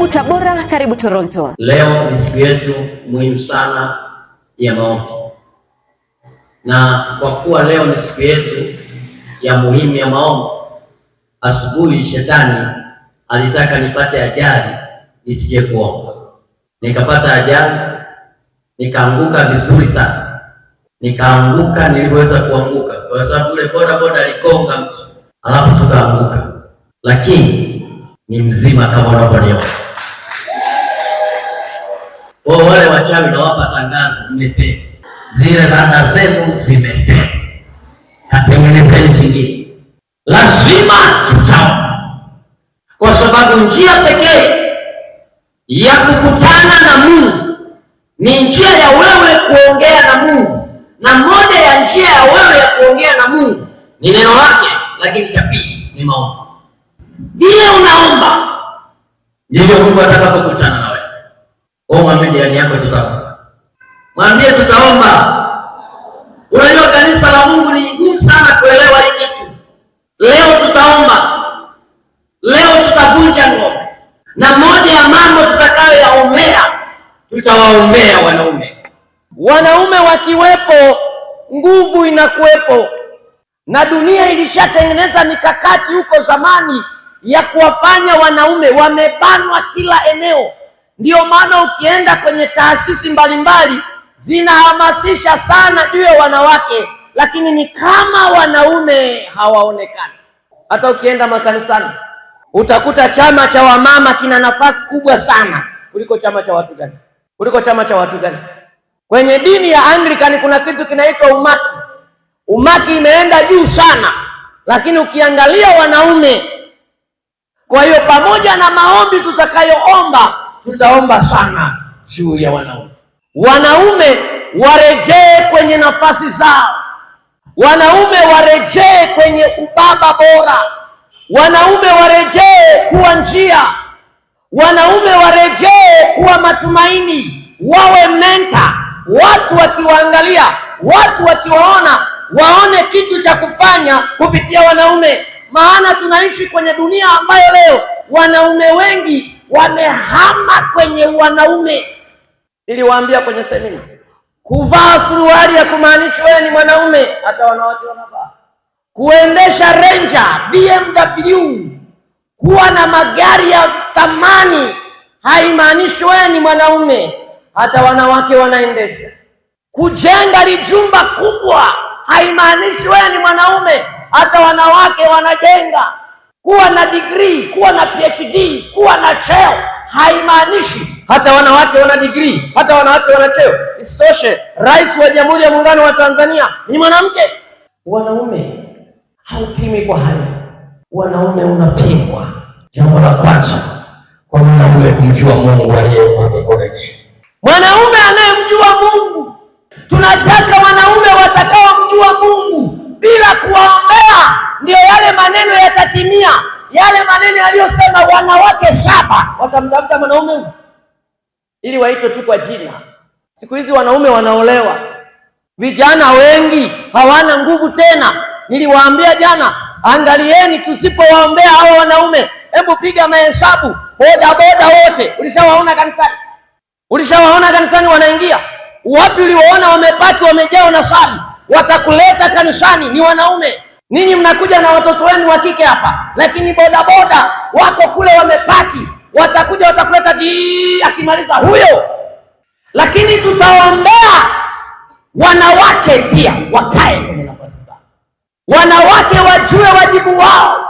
Karibu Tabora, karibu Toronto. Leo ni siku yetu muhimu sana ya maombi, na kwa kuwa leo ni siku yetu ya muhimu ya maombi, asubuhi shetani alitaka nipate ajali nisije kuomba, nikapata ajali, nikaanguka vizuri sana, nikaanguka niliweza kuanguka kwa sababu ule boda boda alikonga mtu, alafu tukaanguka, lakini ni mzima kama unavyoniona. wachawi na wapa tangazo, mmefeli. Zile dhana zenu zimefeli, katengenezeni zingine. Lazima tutaona, kwa sababu njia pekee ya kukutana na Mungu ni njia ya wewe kuongea na Mungu, na moja ya njia ya wewe ya kuongea na Mungu ni neno lake, lakini cha pili ni maombi. Vile unaomba ndivyo Mungu atakapokutana na mwambie jirani yako tutaomba. Mwambie tutaomba. Unajua kanisa la Mungu ni ngumu sana kuelewa hii kitu. Leo tutaomba. Leo tutavunja ngome. Na moja ya mambo tutakayoyaombea, tutawaombea wanaume. Wanaume wakiwepo, nguvu inakuwepo. Na dunia ilishatengeneza mikakati huko zamani ya kuwafanya wanaume wamebanwa kila eneo. Ndiyo maana ukienda kwenye taasisi mbalimbali zinahamasisha sana juu ya wanawake, lakini ni kama wanaume hawaonekani. Hata ukienda makanisani utakuta chama cha wamama kina nafasi kubwa sana kuliko chama cha watu gani? Kuliko chama cha watu gani? Kwenye dini ya Anglikani kuna kitu kinaitwa umaki. Umaki imeenda juu sana, lakini ukiangalia wanaume. Kwa hiyo pamoja na maombi tutakayoomba tutaomba sana juu ya wanaume. Wanaume warejee kwenye nafasi zao, wanaume warejee kwenye ubaba bora, wanaume warejee kuwa njia, wanaume warejee kuwa matumaini, wawe menta, watu wakiwaangalia, watu wakiwaona, waone kitu cha kufanya kupitia wanaume, maana tunaishi kwenye dunia ambayo leo wanaume wengi wamehama kwenye wanaume. Niliwaambia kwenye semina, kuvaa suruali ya kumaanisha wewe ni mwanaume, hata wanawake wanavaa. Kuendesha Ranger, BMW, kuwa na magari ya thamani haimaanishi wewe ni mwanaume, hata wanawake wanaendesha. Kujenga lijumba kubwa haimaanishi wewe ni mwanaume, hata wanawake wanajenga. Kuwa na degree, kuwa na PhD, kuwa na cheo haimaanishi hata wanawake wana degree, hata wanawake wana cheo. Isitoshe, Rais wa Jamhuri ya Muungano wa Tanzania ni mwanamke. Wanaume haupimi kwa haya wanaume unapimwa jambo la kwanza kwa mwanaume kumjua Mungu aliye Mwanaume anayemjua Mungu, tunataka wanaume watakaomjua Mungu bila kuwaombea ndio yale maneno yatatimia, yale maneno yaliyosema wanawake saba watamtafuta mwanaume ili waitwe tu kwa jina. Siku hizi wanaume wanaolewa, vijana wengi hawana nguvu tena. Niliwaambia jana, angalieni, tusipowaombea hawa wanaume, hebu piga mahesabu. Bodaboda wote ulishawaona kanisani? Ulishawaona kanisani wanaingia wapi? Uliwaona wamepaki, wamejaa na sali, watakuleta kanisani ni wanaume. Ninyi mnakuja na watoto wenu wa kike hapa, lakini bodaboda wako kule wamepaki, watakuja watakuleta di akimaliza huyo. Lakini tutaombea wanawake pia wakae kwenye nafasi zao, wanawake wajue wajibu wao.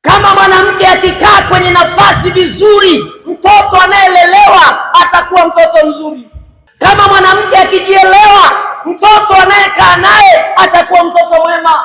Kama mwanamke akikaa kwenye nafasi vizuri, mtoto anayelelewa atakuwa mtoto mzuri. Kama mwanamke akijielewa, mtoto anayekaa naye atakuwa mtoto mwema.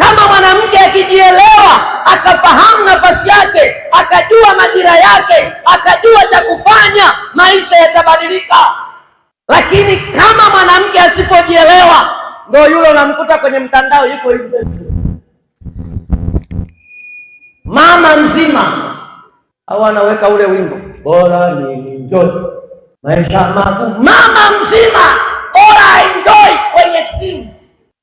Kama mwanamke akijielewa, akafahamu nafasi yake, akajua majira yake, akajua cha kufanya, maisha yatabadilika. Lakini kama mwanamke asipojielewa, ndo yule unamkuta kwenye mtandao yuko hivyo, mama mzima, au anaweka ule wimbo bora ni enjoy maisha magumu, mama mzima bora enjoy kwenye simu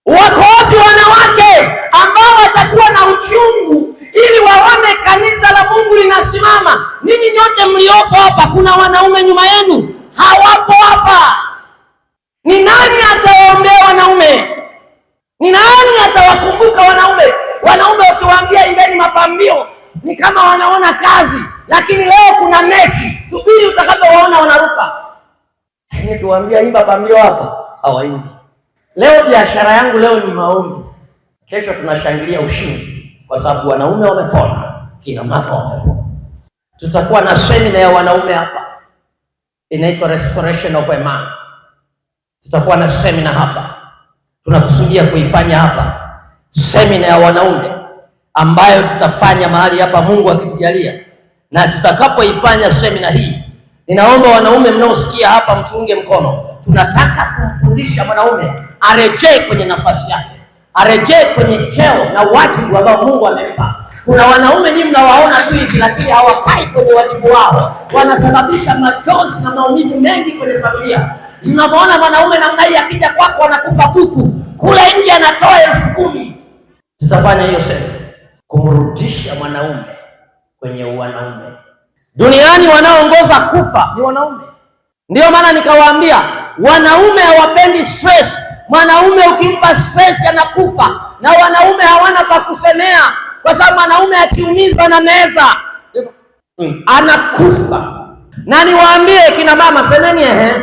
Wako wapi wanawake ambao watakuwa na uchungu ili waone kanisa la Mungu linasimama? Ninyi nyote mliopo hapa, kuna wanaume nyuma yenu hawapo hapa. Ni nani atawaombea wanaume? Ni nani atawakumbuka wanaume? Wanaume wakiwaambia imbeni mapambio ni kama wanaona kazi, lakini leo kuna mechi. Subiri utakavyowaona wanaruka. Nikiwaambia imba pambio hapa hawaimbi. Leo biashara yangu leo ni maombi, kesho tunashangilia ushindi, kwa sababu wanaume wamepona, kina mama wamepona. Tutakuwa na semina ya wanaume hapa, inaitwa restoration of a man. Tutakuwa na semina hapa, tunakusudia kuifanya hapa, semina ya wanaume ambayo tutafanya mahali hapa, Mungu akitujalia. Na tutakapoifanya semina hii Ninaomba wanaume mnaosikia hapa mtuunge mkono. Tunataka kumfundisha mwanaume arejee kwenye nafasi yake, arejee kwenye cheo na wajibu ambao Mungu amempa. Kuna wanaume nyinyi mnawaona tu hivi, lakini hawakai kwenye wajibu wao, wanasababisha machozi na maumivu mengi kwenye familia. Mnamwona mwanaume namna hii, akija kwako anakupa buku, kule nje anatoa elfu kumi. Tutafanya hiyo sema kumrudisha mwanaume kwenye wanaume Duniani wanaoongoza kufa ni wanaume. Ndiyo maana nikawaambia wanaume hawapendi stress. Mwanaume ukimpa stress anakufa, na wanaume hawana pa kusemea, kwa sababu mwanaume akiumizwa na meza mm, anakufa. Na niwaambie kina mama, semeni ehe.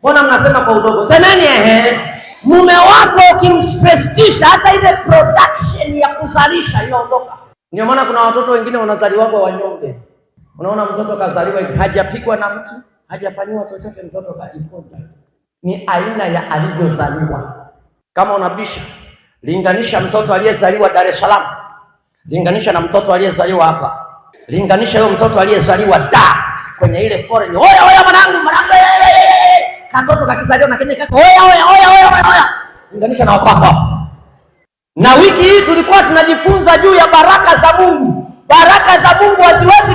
Mbona mnasema kwa udogo? Semeni ehe. Mume wako ukimstressisha, hata ile production ya kuzalisha inaondoka. Ndio maana kuna watoto wengine wanazaliwa wanyonge Unaona, mtoto kazaliwa hivi, hajapigwa na mtu, hajafanyiwa chochote, mtoto kajiponda. Ni aina ya alivyozaliwa. Kama unabisha, linganisha mtoto aliyezaliwa Dar es Salaam, linganisha na mtoto aliyezaliwa hapa, linganisha huyo mtoto aliyezaliwa da kwenye ile foreign. Oya oya, mwanangu mwanangu, eh, eh, eh, kadoto kakizaliwa na Kenya kaka. oya oya oya oya oya, linganisha na wakwako. Na wiki hii tulikuwa tunajifunza juu ya baraka za Mungu, baraka za Mungu haziwezi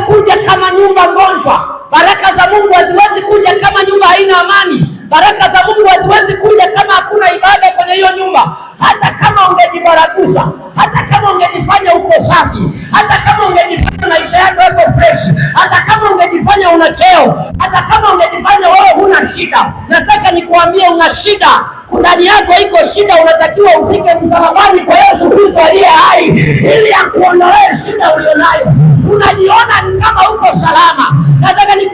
kufa. Baraka za Mungu haziwezi kuja kama nyumba haina amani. Baraka za Mungu haziwezi kuja kama hakuna ibada kwenye hiyo nyumba. Hata kama ungejibaragusa, hata kama ungejifanya uko safi, hata kama ungejifanya maisha yako yako fresh, hata kama ungejifanya una cheo, hata kama ungejifanya wewe huna shida, nataka nikuambie una shida ndani yako iko shida, unatakiwa ufike msalabani kwa Yesu Kristo aliye hai ili akuondolee shida ulionayo. Unajiona ni kama uko salama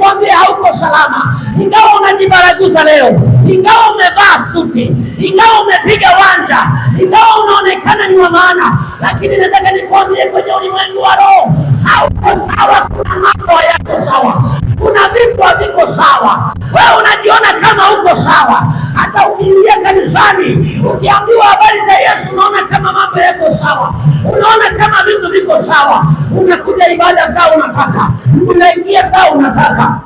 kukwambia hauko salama, ingawa unajibaraguza leo, ingawa umevaa suti, ingawa umepiga wanja, ingawa unaonekana ni wa maana, lakini nataka nikuambie kwenye ulimwengu wa roho hauko sawa. Kuna mambo hayako sawa kuna vitu haviko sawa. Wewe unajiona kama uko sawa, hata ukiingia kanisani ukiambiwa habari za Yesu unaona kama mambo yako sawa, unaona kama vitu viko sawa. Unakuja ibada saa unataka, unaingia saa unataka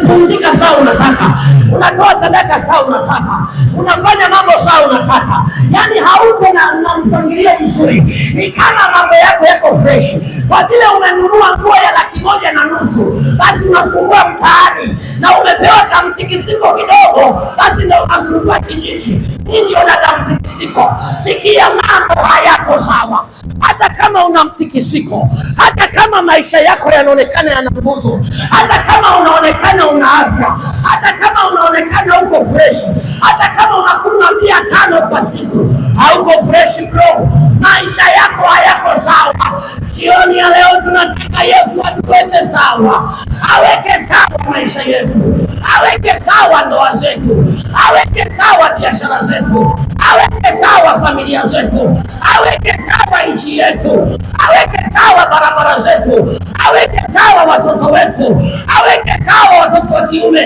unapumzika saa unataka, unatoa sadaka saa unataka, unafanya mambo saa unataka, yaani hauko na mpangilio mzuri. Ni kama mambo yako yako fresh. Kwa vile umenunua nguo ya laki moja na nusu, basi unasumbua mtaani, na umepewa kamtikisiko kidogo, basi ndo unasumbua kijiji. Hii ndio dada mtikisiko. Sikia, mambo hayako sawa hata kama una mtikisiko, hata kama maisha yako yanaonekana yana nguvu, hata kama unaonekana una afya, hata kama unaonekana uko freshi hata kama unakunywa bia tano kwa siku, hauko fresh bro, maisha yako hayako sawa. Jioni ya leo tunataka Yesu atuweke sawa, aweke sawa maisha yetu, aweke sawa ndoa zetu, aweke sawa biashara zetu, aweke sawa familia zetu, aweke sawa nchi yetu, aweke sawa barabara zetu, aweke sawa watoto wetu, aweke sawa watoto wa kiume,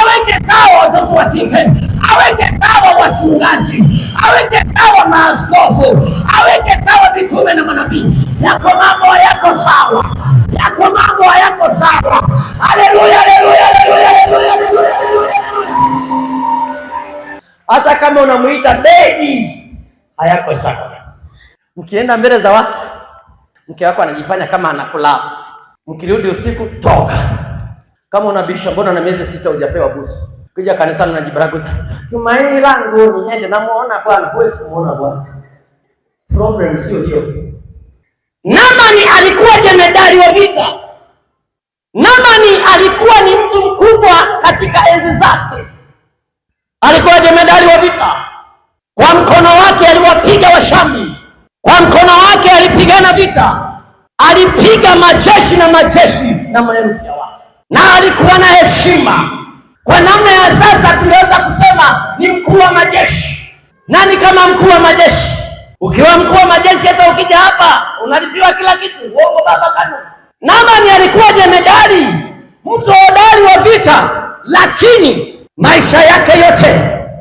aweke sawa watoto wa kike aweke sawa wachungaji, aweke sawa maaskofu, aweke sawa mitume na manabii. Yako mambo hayako sawa, yako mambo hayako sawa. Haleluya, haleluya, haleluya, haleluya, haleluya. Hata kama unamwita bedi hayako sawa. Mkienda mbele za watu, mke wako anajifanya kama anakulafu, mkirudi usiku toka. Kama unabisha, mbona na miezi sita hujapewa busu Kija kanisani najibaraguza, tumaini langu niende, namuona Bwana. Huwezi kumuona Bwana, problem sio hiyo. Namani alikuwa jemedari wa vita. Namani alikuwa ni mtu mkubwa katika enzi zake, alikuwa jemedari wa vita. Kwa mkono wake aliwapiga Washambi, kwa mkono wake alipigana vita, alipiga majeshi na majeshi na maelfu ya watu, na alikuwa na heshima kwa namna ya sasa tunaweza kusema ni mkuu wa majeshi. Nani kama mkuu wa majeshi? Ukiwa mkuu wa majeshi, hata ukija hapa unalipiwa kila kitu. Uongo baba kanuni. Naamani alikuwa jemedari, mtu hodari wa vita, lakini maisha yake yote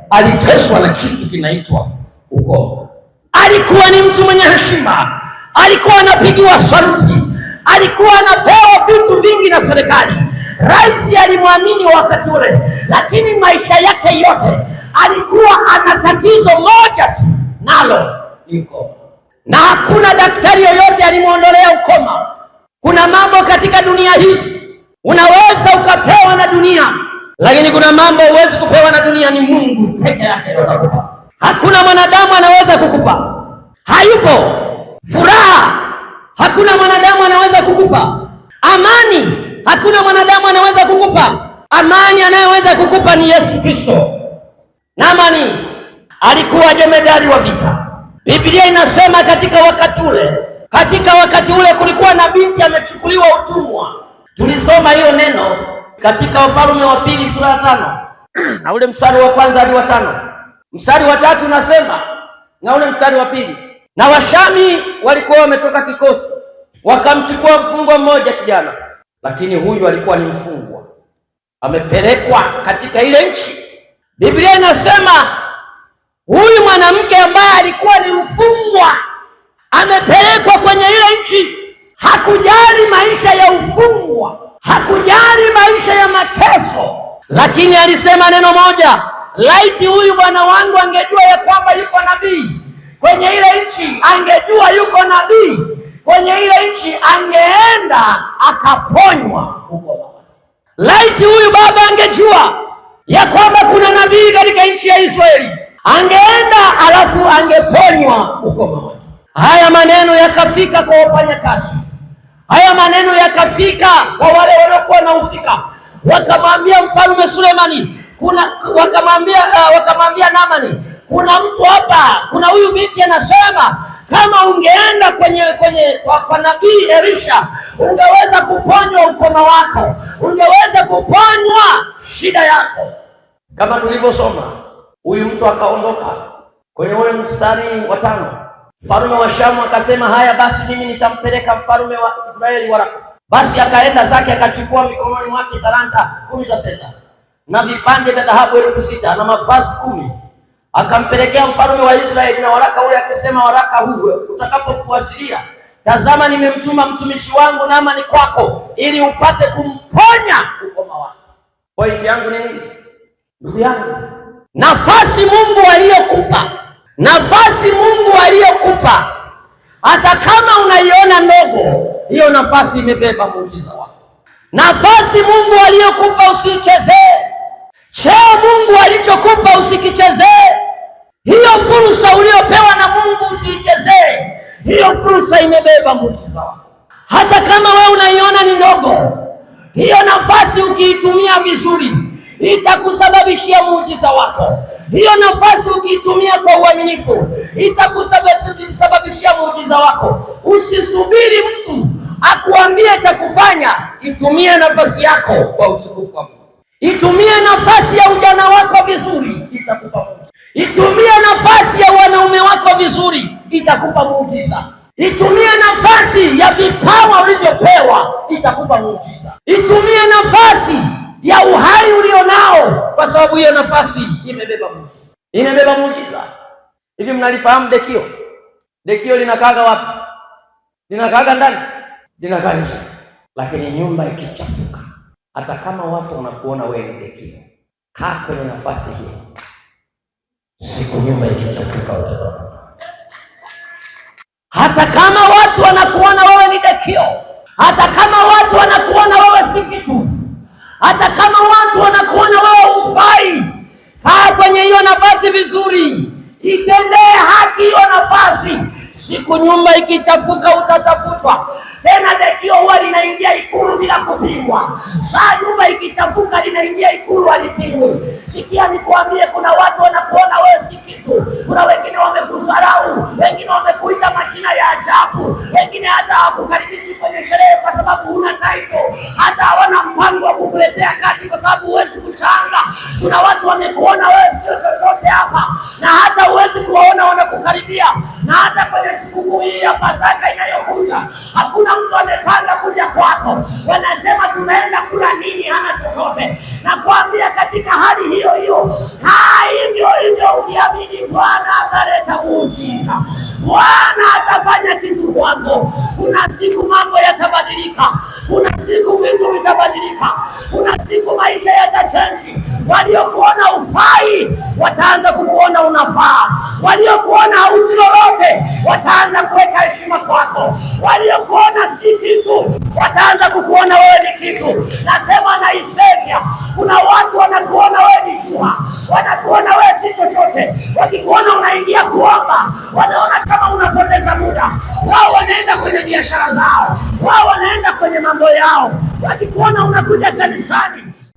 aliteswa na kitu kinaitwa uko Alikuwa ni mtu mwenye heshima, alikuwa anapigiwa saluti, alikuwa anapewa vitu vingi na serikali Rais alimwamini wakati ule, lakini maisha yake yote alikuwa ana tatizo moja tu, nalo ni na hakuna daktari yoyote alimwondolea ukoma. Kuna mambo katika dunia hii unaweza ukapewa na dunia, lakini kuna mambo huwezi kupewa na dunia, ni Mungu peke yake atakupa. Hakuna mwanadamu anaweza kukupa, hayupo. Furaha hakuna mwanadamu anaweza kukupa, amani Hakuna mwanadamu anaweza kukupa amani, anayeweza kukupa ni Yesu Kristo. namani alikuwa jemedari wa vita. Biblia inasema katika wakati ule, katika wakati ule kulikuwa na binti amechukuliwa utumwa. Tulisoma hiyo neno katika Wafalme wa pili sura ya tano na ule mstari wa kwanza hadi wa tano. Mstari wa tatu unasema na ule mstari wa pili, na Washami walikuwa wametoka kikosi, wakamchukua mfungwa mmoja kijana lakini huyu alikuwa ni mfungwa, amepelekwa katika ile nchi. Biblia inasema huyu mwanamke ambaye alikuwa ni mfungwa amepelekwa kwenye ile nchi. Hakujali maisha ya ufungwa, hakujali maisha ya mateso, lakini alisema neno moja, laiti huyu bwana wangu angejua ya kwamba yuko nabii kwenye ile nchi, angejua yuko nabii kwenye ile nchi, angeenda akaponywa huko Laiti huyu baba angejua ya kwamba kuna nabii katika nchi ya Israeli, angeenda alafu angeponywa huko Haya maneno yakafika kwa wafanyakazi, haya maneno yakafika kwa wale waliokuwa wanahusika, wakamwambia mfalme Sulemani kuna wakamwambia uh, wakamwambia Namani, kuna mtu hapa, kuna huyu binti anasema kama ungeenda kwenye kwenye kwa, kwa nabii Elisha ungeweza kuponywa ukoma wako, ungeweza kuponywa shida yako. Kama tulivyosoma, huyu mtu akaondoka kwenye ule mstari wa tano. Mfalme wa Shamu akasema, haya basi, mimi nitampeleka mfalme wa Israeli waraka. Basi akaenda zake akachukua mikononi mwake talanta kumi za fedha na vipande vya dhahabu elfu sita na mavazi kumi akampelekea mfalme wa Israeli na waraka ule akisema, waraka huu utakapokuwasilia, tazama, nimemtuma mtumishi wangu Naamani kwako ili upate kumponya ukoma wake. Pointi yangu ni nini, ndugu yangu? Nafasi Mungu aliyokupa, nafasi Mungu aliyokupa, hata kama unaiona ndogo, hiyo nafasi imebeba muujiza wako. Nafasi Mungu aliyokupa usiichezee. Cheo Mungu alichokupa usikichezee. Hiyo fursa uliopewa na Mungu usiichezee. Hiyo fursa imebeba muujiza wako, hata kama wewe unaiona ni ndogo. Hiyo nafasi ukiitumia vizuri itakusababishia muujiza wako. Hiyo nafasi ukiitumia kwa uaminifu itakusababishia muujiza wako. Usisubiri mtu akuambie cha kufanya, itumie nafasi yako kwa utukufu wa Mungu. Itumie nafasi ya ujana wako vizuri, itakupa muujiza. Itumie nafasi ya wanaume wako vizuri, itakupa muujiza. Itumie nafasi ya vipawa ulivyopewa, itakupa muujiza. Itumie nafasi ya uhai ulio nao, kwa sababu hiyo nafasi imebeba muujiza, imebeba muujiza. Hivi mnalifahamu dekio? Dekio linakaaga wapi? Linakaaga ndani, linakaa nje. Lakini nyumba ikichafuka, hata kama watu wanakuona wewe ni dekio, kaa kwenye nafasi hiyo siku nyumba ikichafuka utatafuta. Hata kama watu wanakuona wewe ni dakio, hata kama watu wanakuona wewe si kitu, hata kama watu wanakuona wewe hufai, kaa kwenye hiyo nafasi vizuri, itendee haki hiyo nafasi. Siku nyumba ikichafuka utatafutwa tena dekio huwa linaingia Ikulu bila kupimwa Saa nyumba ikichafuka linaingia Ikulu alipingwi. Sikia nikuambie, kuna watu wanakuona wewe si kitu, kuna wengine wamekudharau, wengine wamekuita majina ya ajabu, wengine hata hawakukaribishi kwenye sherehe kwa sababu huna title, hata hawana mpango wa kukuletea kadi kwa sababu huwezi kuchanga. Kuna watu wamekuona wewe sio chochote hapa, na hata huwezi kuwaona wanakukaribia, na hata kwenye sikukuu hii ya Pasaka inayokuja hakuna mtu amepanga kuja kwako, wanasema tunaenda kula nini? Hana chochote. Nakwambia katika hali hiyo hiyo, hivyo hivyo ukiamini Bwana ataleta muujiza. Bwana atafanya kitu kwako. Kuna siku mambo yatabadilika, kuna siku vitu vitabadilika, kuna siku maisha yatachenji. Waliokuona ufai wataanza kukuona unafaa. Waliokuona hausi lolote wataanza kuweka heshima kwako. Waliokuona si kitu wataanza kukuona wewe ni kitu. Nasema naisevya, kuna watu wanakuona wewe ni jua, wanakuona wewe si chochote. Wakikuona unaingia kuomba, wanaona kama unapoteza muda. Wao wanaenda kwenye biashara zao, wao wanaenda kwenye mambo yao. Wakikuona unakuja kanisani